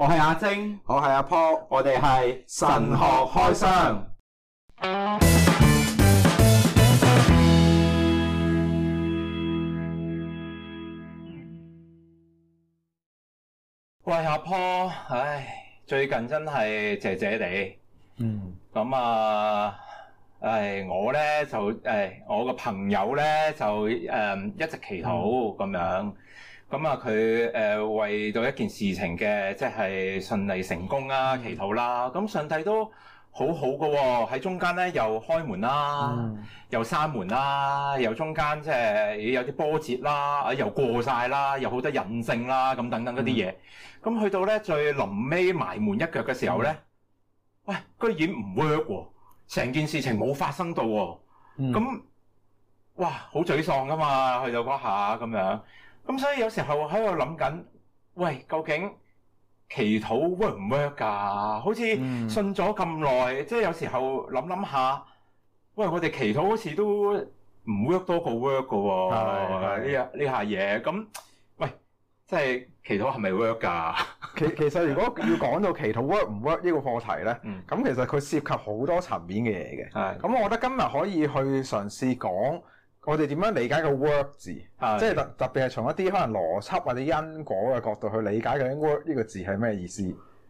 我係阿晶，我係阿坡，我哋係神學開箱。喂，阿坡，唉，最近真係藉藉哋。嗯，咁啊，誒，我呢，就誒，我個朋友呢，就誒、嗯，一直祈禱咁樣。咁啊，佢誒為到一件事情嘅即係順利成功啊，祈禱啦。咁上帝都好好㗎喎，喺中間咧又開門啦，又閂門啦，又中間即係有啲波折啦，啊又過曬啦，又好多印證啦，咁等等嗰啲嘢。咁去到咧最臨尾埋門一腳嘅時候咧，喂，居然唔 work 喎！成件事情冇發生到喎。咁哇，好沮喪㗎嘛，去到嗰下咁樣。咁所以有時候喺度諗緊，喂，究竟祈禱 work 唔 work 㗎，啊？好似信咗咁耐，嗯、即係有時候諗諗下，喂我哋祈禱好似都唔 work 多過 work 㗎喎，哦。呢下呢下嘢，咁的喂即係祈禱係咪 work 㗎，啊？其其實如果要講到祈禱 work 唔 work 呢個課題咧，咁、嗯、其實佢涉及好多層面嘅嘢嘅。咁的我覺得今日可以去嘗試講。我哋點樣理解個 work 字？的即係特特別係從一啲可能邏輯或者因果嘅角度去理解嘅 work 呢個字係咩意思？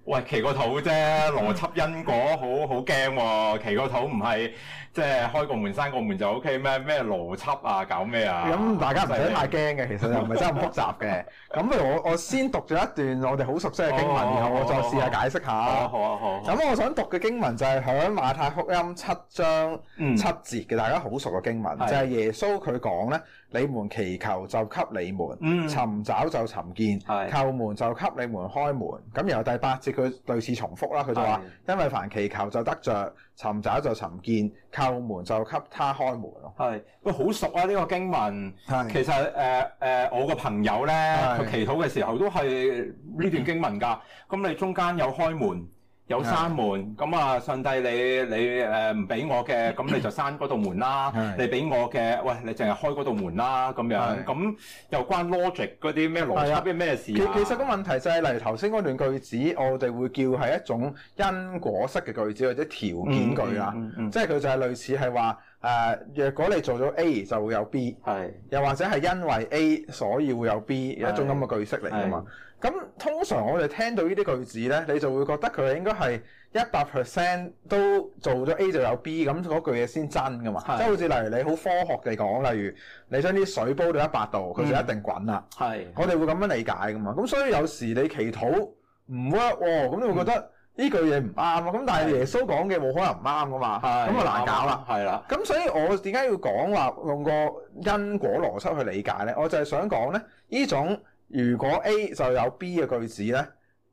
喂，祈個禱啫，邏輯因果好好驚喎、哦。祈個禱唔係即係開個門、閂個門就 O K 咩？咩邏輯啊，搞咩啊？咁、嗯、大家唔使太驚嘅， 其實又唔係真係咁複雜嘅。咁不如我我先讀咗一段我哋好熟悉嘅經文，哦、然後我再試下解釋下。好啊好。咁、哦哦哦哦、我想讀嘅經文就係響馬太福音七章七節嘅，嗯、大家好熟嘅經文，的就係耶穌佢講呢：「你們祈求就給你們，嗯、尋找就尋見，叩的門就給你們開門。咁由第八節。佢類似重複啦，佢就話：的因為凡祈求就得着，尋找就尋見，叩門就給他開門。係，都好熟啊！呢、這個經文，的其實誒誒、呃呃，我個朋友咧，佢的祈禱嘅時候都係呢段經文㗎。咁的你中間有開門，有閂門，咁啊上帝你，你你誒唔俾我嘅，咁你就閂嗰度門啦；的你俾我嘅，喂，你淨係開嗰度門啦。咁樣咁又的關 logic 嗰啲咩邏輯，咩的事啊，其其實個問題就係、是，例如頭先嗰段句子，我哋會叫係一種因果式嘅句子，或者條件句啊，嗯嗯嗯、即係佢就係類似係話。誒，uh, 若果你做咗 A 就會有 B，是又或者係因為 A 所以會有 B，有是一種咁嘅句式嚟㗎嘛。咁是通常我哋聽到呢啲句子咧，你就會覺得佢應該係一百 percent 都做咗 A 就有 B，咁嗰句嘢先真㗎嘛。即係好似例如你好科學地講，例如你將啲水煲到一百度，佢、嗯、就一定滾啦。是我哋會咁樣理解㗎嘛。咁所以有時你祈禱唔 work 喎、哦，咁你會覺得、嗯。呢句嘢唔啱啊！咁但係耶穌講嘅冇可能唔啱㗎嘛？咁我係難搞啦。係啦。咁所以我點解要講話用個因果邏輯去理解呢？我就係想講呢：呢種如果 A 就有 B 嘅句子呢，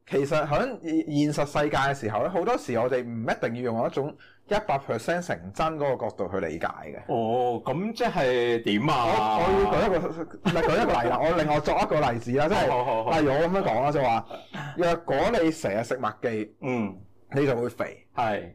其實喺現實世界嘅時候咧，好多時我哋唔一定要用一種。一百 percent 成真嗰個角度去理解嘅。哦，咁即係點啊？我我要舉一個，唔係舉一個例啦。我另外作一個例子啦，即係，例如我咁樣講啦，就話，若果你成日食麥記，嗯，你就會肥。係。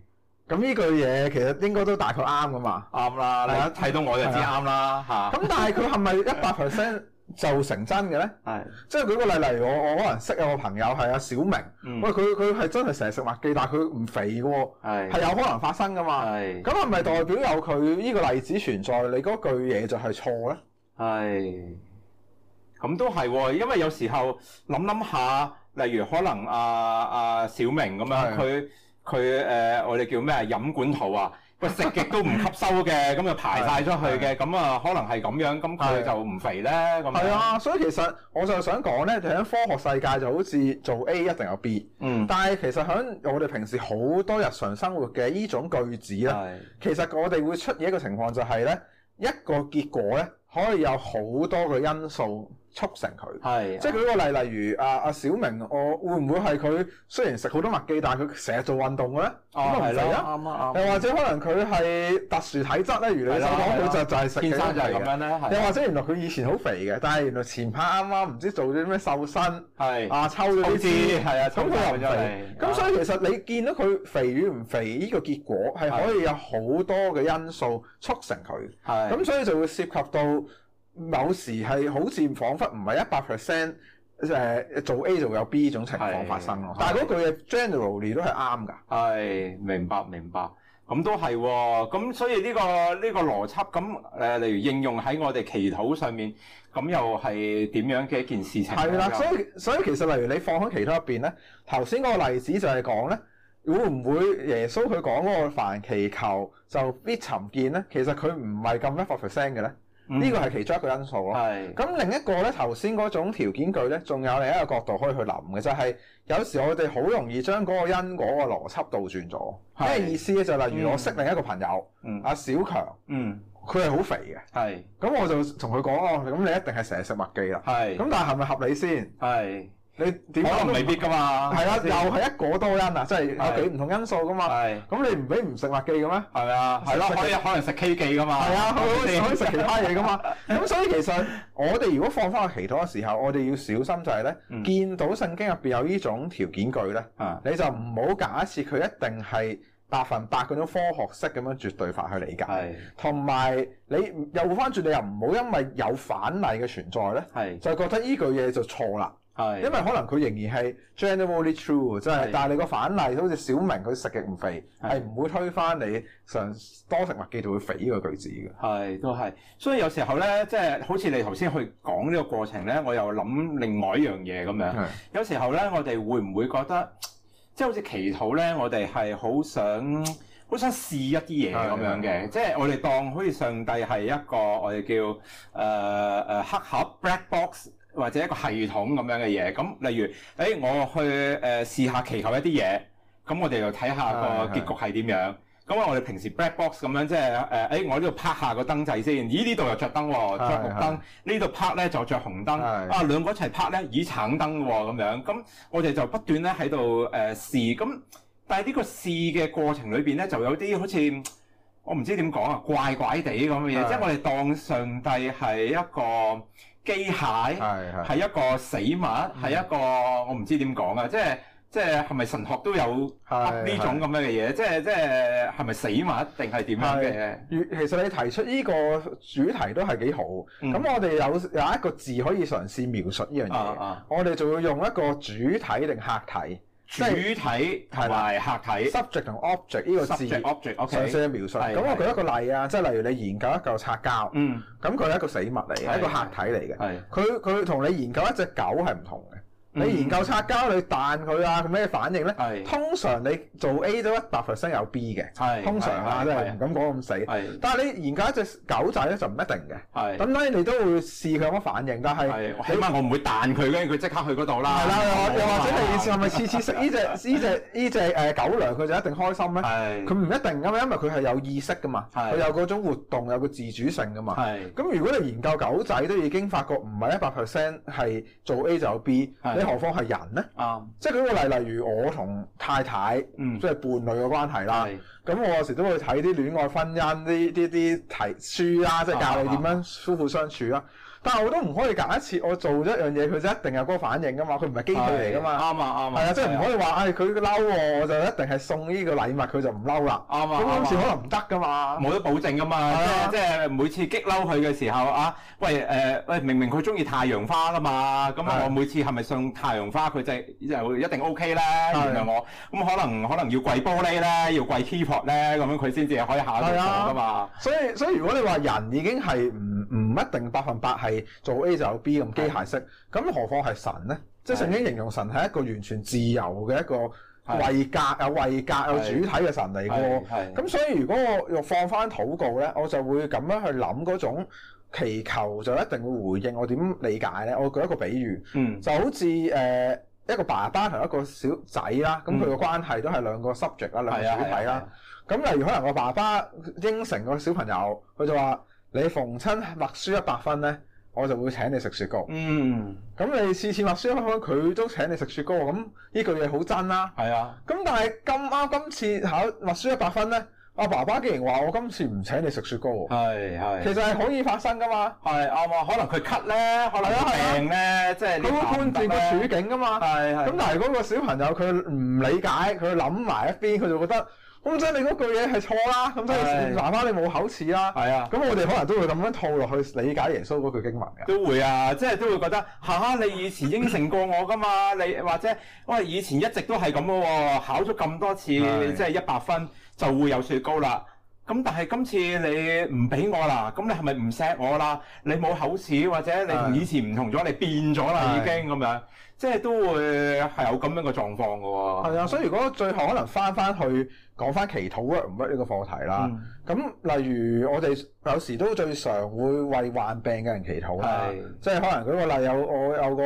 咁呢句嘢其實應該都大概啱噶嘛。啱啦，你一睇到我就知啱啦嚇。咁但係佢係咪一百 percent？就成真嘅咧，是的 即係舉個例例，例如我我可能識有個朋友係阿小明，喂佢佢係真係成日食麥記，但係佢唔肥嘅喎，係、哎、有可能發生嘅嘛，咁係咪代表有佢呢個例子存在？你嗰句嘢就係錯咧？係咁都係喎，因為有時候諗諗下，例如可能阿、啊、阿、啊、小明咁樣，佢佢誒我哋叫咩飲管圖啊？ 喂，食極都唔吸收嘅，咁 就排晒出去嘅，咁啊的可能係咁樣，咁佢的就唔肥呢。咁係啊，所以其實我就想講呢，喺科學世界就好似做 A 一定有 B。嗯。但係其實喺我哋平時好多日常生活嘅呢種句子呢，是的 其實我哋會出現一個情況就係呢一個結果呢，可以有好多個因素。促成佢，即係舉個例，例如啊啊小明，我會唔會係佢雖然食好多麥記，但係佢成日做運動咧？哦，係咯，啱啊！又或者可能佢係特殊體質咧，如你所講，就就係食生就係咁樣咧。又或者原來佢以前好肥嘅，但係原來前排啱啱唔知做咗啲咩瘦身，係啊，抽咗啲脂，係啊，咁佢又唔肥。咁所以其實你見到佢肥與唔肥，呢個結果係可以有好多嘅因素促成佢。係，咁所以就會涉及到。某時係好似彷彿唔係一百 percent 誒做 A 就會有 B 種情況發生咯，係，但係嗰句嘢 generally 都係啱㗎。係，明白明白，咁都係喎、哦。咁所以呢個呢個邏輯，咁誒例如應用喺我哋祈禱上面，咁又係點樣嘅一件事情？係啦，所以所以其實例如你放喺祈禱入邊咧，頭先嗰個例子就係講咧，會唔會耶穌佢講嗰個凡祈求就必尋見咧？其實佢唔係咁一百 percent 嘅咧。呢個係其中一個因素咯。係。咁另一個咧，頭先嗰種條件句咧，仲有另一個角度可以去諗嘅，就係有時我哋好容易將嗰個因果個邏輯倒轉咗。咩意思咧？就例如我識另一個朋友，嗯，阿小強。嗯。佢係好肥嘅。係。咁我就同佢講：哦，咁你一定係成日食麥記啦。係。咁但係係咪合理先？係。你可能未必噶嘛，係啦，又係一個多因啊，即係有幾唔同因素噶嘛。咁你唔俾唔食麥記嘅咩？係咪啊？係咯，可能食 K 記噶嘛？係啊，佢可以食其他嘢噶嘛？咁所以其實我哋如果放翻去祈禱嘅時候，我哋要小心就係咧，見到聖經入邊有呢種條件句咧，你就唔好假設佢一定係百分百嗰種科學式咁樣絕對化去理解。係。同埋你又翻轉，你又唔好因為有反例嘅存在咧，就覺得呢句嘢就錯啦。係，是因為可能佢仍然係 generally true，真係是，但係你個反例好似是小明佢食極唔肥，係唔是會推翻你常多食麥記就會肥呢個句子嘅。係，都係。所以有時候咧，即係好似你頭先去講呢個過程咧，我又諗另外一樣嘢咁樣。是有時候咧，我哋會唔會覺得，即係好似祈禱咧，我哋係好想，好想試一啲嘢咁樣嘅，的即係我哋當好似上帝係一個我哋叫誒誒、呃呃呃呃、黑盒 black box。或者一個系統咁樣嘅嘢，咁例如，誒、哎，我去誒試、呃、下祈求一啲嘢，咁我哋就睇下個是是 結局係點樣。咁啊，我哋平時 black box 咁樣，即係誒，誒、呃哎，我呢度拍下個燈掣先。咦，呢度又着燈喎、哦，著綠燈。是是呢度拍咧就着紅燈。是是啊，兩個一齊拍咧，咦，橙燈喎、哦，咁樣。咁我哋就不斷咧喺度誒試。咁、呃、但係呢個試嘅過程裏邊咧，就有啲好似我唔知點講啊，怪怪地咁嘅嘢。即係是是 的我哋當上帝係一個。機械係一個死物，係、嗯、一個我唔知點講啊！即係即係係咪神學都有呢種咁樣嘅嘢？係係即係即係係咪死物定係點樣嘅？其實你提出呢個主題都係幾好。咁、嗯、我哋有有一個字可以嘗試描述呢樣嘢。啊啊、我哋仲要用一個主體定客體。主體同客體的，subject 同 and object 呢個字，object, okay、上次描述。咁的我舉一個例啊，即係的例如你研究一嚿擦膠，咁佢係一個死物嚟，嘅的，係的一個客體嚟嘅。佢佢同你研究一隻狗係唔同嘅。你研究擦膠，你彈佢啊，咩反應咧？通常你做 A 都一百 percent 有 B 嘅，通常啊，都係唔敢講咁死。但係你研究一隻狗仔咧，就唔一定嘅。咁所以你都會試佢有乜反應，但係起碼我唔會彈佢，跟住佢即刻去嗰度啦。係啦，又或者你試係咪次次食呢隻呢隻呢隻誒狗糧，佢就一定開心咧？佢唔一定噶嘛，因為佢係有意識噶嘛，佢有嗰種活動，有個自主性噶嘛。咁如果你研究狗仔都已經發覺唔係一百 percent 係做 A 就有 B，何方係人呢？Um, 即係舉個例，例如我同太太，嗯、即係伴侶嘅關係啦。咁是我有時都會睇啲戀愛、婚姻呢啲啲題書啦，um, 即係教你點樣夫婦相處啦。但係我都唔可以隔一次，我做咗一樣嘢，佢就一定有嗰個反應噶嘛？佢唔係機器嚟噶嘛？啱啊，啱啊！係啊，即係唔可以話，誒佢嬲喎，我就一定係送呢個禮物，佢就唔嬲啦。啱啊！咁有時可能唔得噶嘛，冇得保證噶嘛。即係每次激嬲佢嘅時候啊，喂誒，喂明明佢中意太陽花噶嘛，咁我每次係咪送太陽花，佢就一定 OK 咧？原嚟我咁可能可能要跪玻璃咧，要跪 keyboard 咧，咁樣佢先至可以下得到我噶嘛？所以所以如果你話人已經係唔唔～唔一定百分百係做 A 就有 B 咁機械式，咁何況係神呢？即係曾經形容神係一個完全自由嘅一個位格，有位格有主體嘅神嚟嘅。咁所以如果我又放翻禱告呢，我就會咁樣去諗嗰種祈求就一定會回應。我點理解呢？我舉一個比喻，就好似誒一個爸爸同一個小仔啦，咁佢嘅關係都係兩個 subject 啦，兩個主體啦。咁例如可能個爸爸應承個小朋友，佢就話。你逢親默書一百分呢，我就會請你食雪糕。嗯，咁你次次默書一百分，佢都請你食雪糕，咁呢句嘢好真啦。係啊，咁、啊、但係咁啱今次考默書一百分呢，阿爸爸既然話我今次唔請你食雪糕，係係，其實係可以發生噶嘛。係啱可能佢咳呢，可能病呢，即係佢會判斷個處境噶嘛。係係。咁但係嗰個小朋友佢唔理解，佢諗埋一邊，佢就覺得。咁即係你嗰句嘢係錯啦，咁即係媽媽你冇口齒啦。係啊的，咁我哋可能都會咁樣套落去理解耶穌嗰句經文嘅。都會啊，即係都會覺得嚇、啊、你以前應承過我噶嘛， 你或者喂、哎、以前一直都係咁喎，考咗咁多次的即係一百分就會有雪糕啦。咁但係今次你唔俾我啦，咁你係咪唔錫我啦？你冇口齒，或者你同以前唔同咗，你變咗啦已經，咁的樣，即係都會係有咁樣嘅狀況嘅喎。係啊，所以如果最後可能翻翻去講翻祈禱 work 唔 work 呢個課題啦，咁、嗯、例如我哋有時都最常會為患病嘅人祈禱啦，的即係可能舉個例，有我有個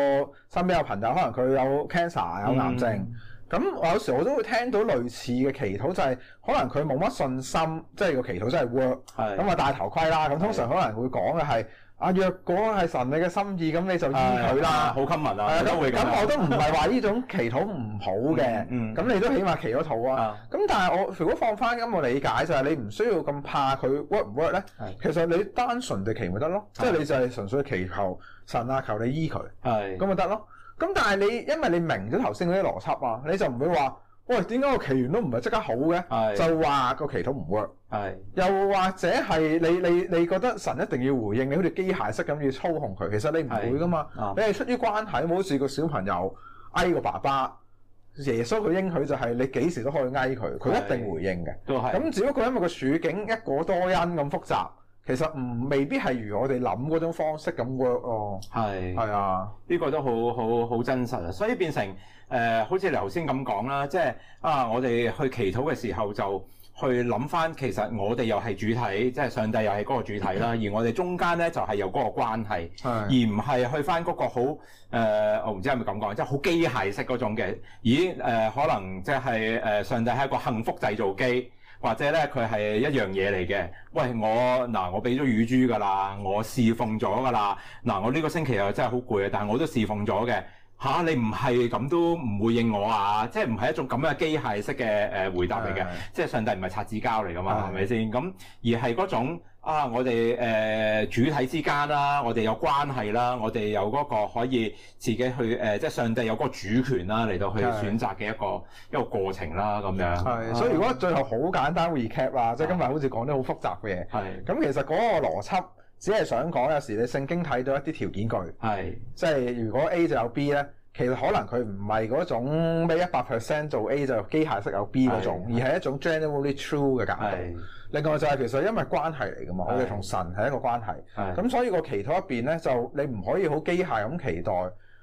身邊有朋友，可能佢有 cancer 有癌症。嗯咁我有時我都會聽到類似嘅祈禱，就係可能佢冇乜信心，即係個祈禱真係 work。咁啊戴頭盔啦，咁通常可能會講嘅係：啊若果係神你嘅心意，咁你就依佢啦。好 common 啊，都會咁。咁我都唔係話呢種祈禱唔好嘅。咁你都起碼祈咗禱啊。咁但係我如果放翻咁嘅理解就係你唔需要咁怕佢 work 唔 work 咧。其實你單純地祈咪得咯，即係你就係純粹祈求神啊，求你依佢，咁咪得咯。咁但係你，因為你明咗頭先嗰啲邏輯啊，你就唔會話，喂，點解個祈禱都唔係即刻好嘅？的就話個祈禱唔 work，又或者係你你你覺得神一定要回應你，好似機械式咁要操控佢，其實你唔會噶嘛。的你係出於關係，冇好似個小朋友嗌個爸爸，耶穌佢應許就係你幾時都可以嗌佢，佢一定回應嘅。咁的只不過因為個處境一個多因咁複雜。其實唔未必係如我哋諗嗰種方式咁 work 咯。係、哦、係是啊，呢個都好好好真實啊！所以變成誒、呃，好似你頭先咁講啦，即係啊，我哋去祈禱嘅時候就去諗翻，其實我哋又係主體，即係上帝又係嗰個主體啦，而我哋中間咧就係、是、有嗰個關係，是而唔係去翻嗰個好誒、呃，我唔知係咪咁講，即係好機械式嗰種嘅，咦誒、呃，可能即係誒上帝係一個幸福製造機。或者咧佢係一樣嘢嚟嘅。喂，我嗱我俾咗乳豬㗎啦，我侍奉咗㗎啦。嗱，我呢個星期又真係好攰啊，但係我都侍奉咗嘅。吓、啊，你唔係咁都唔回應我啊？即係唔係一種咁嘅機械式嘅誒回答嚟嘅？是是是即係上帝唔係擦紙膠嚟㗎嘛？係咪先？咁而係嗰種。啊！我哋誒、呃、主體之間啦，我哋有關係啦，我哋有嗰個可以自己去誒、呃，即係上帝有嗰個主權啦，嚟到去選擇嘅一個是一個過程啦，咁樣。係，所以如果最後好簡單 recap 啦，即係今日好似講啲好複雜嘅嘢。係是。咁其實嗰個邏輯，只係想講有時你聖經睇到一啲條件句。係是。即係如果 A 就有 B 咧，其實可能佢唔係嗰種咩一百 percent 做 A 就機械式有 B 嗰種，是是而係一種 generally true 嘅架構。是另外就係其實因為關係嚟噶嘛，的我哋同神係一個關係，咁的所以個祈禱一邊咧，就你唔可以好機械咁期待，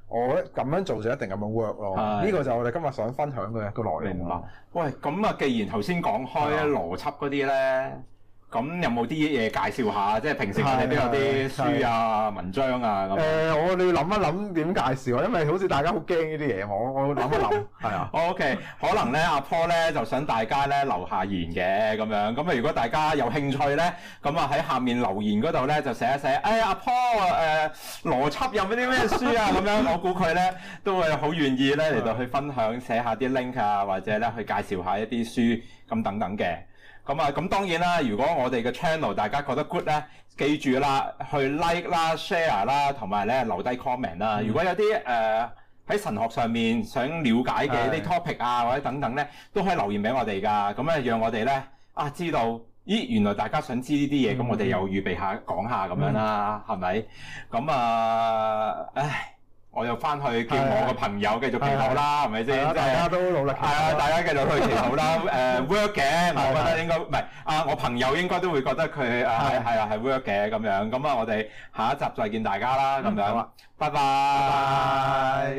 我覺得咁樣做就一定咁樣 work 咯。呢的個就我哋今日想分享嘅個內容嘛。喂，咁啊，既然頭先講開邏輯嗰啲咧。的咁有冇啲嘢介紹下？即係平時佢哋都有啲書啊、文章啊咁。誒、呃，我你要諗一諗點介紹，因為好似大家好驚呢啲嘢，我我諗一諗。係啊。OK，可能咧阿 Paul 咧就想大家咧留下言嘅咁樣。咁啊，如果大家有興趣咧，咁啊喺下面留言嗰度咧就寫一寫，哎阿、啊、Paul 誒、呃，邏輯有冇啲咩書啊？咁 樣我估佢咧都會好願意咧嚟到去分享，寫下啲 link 啊，或者咧去介紹一下一啲書咁等等嘅。咁啊，咁當然啦。如果我哋嘅 channel 大家覺得 good 咧，記住啦，去 like 啦、share 啦，同埋咧留低 comment 啦。嗯、如果有啲誒喺神學上面想了解嘅啲 topic 啊，的或者等等咧，都可以留言俾我哋㗎。咁咧，讓我哋咧啊，知道咦，原來大家想知呢啲嘢，咁、嗯、我哋又預備下講下咁樣啦，係咪、嗯？咁啊、呃，唉。我又翻去叫我個朋友繼續祈禱啦，係咪先？大家都努力祈禱，係啊，大家繼續去祈禱啦，誒 work 嘅，我覺得應該唔係啊，我朋友應該都會覺得佢係係啊係 work 嘅咁樣。咁啊，我哋下一集再見大家啦，咁樣。拜拜。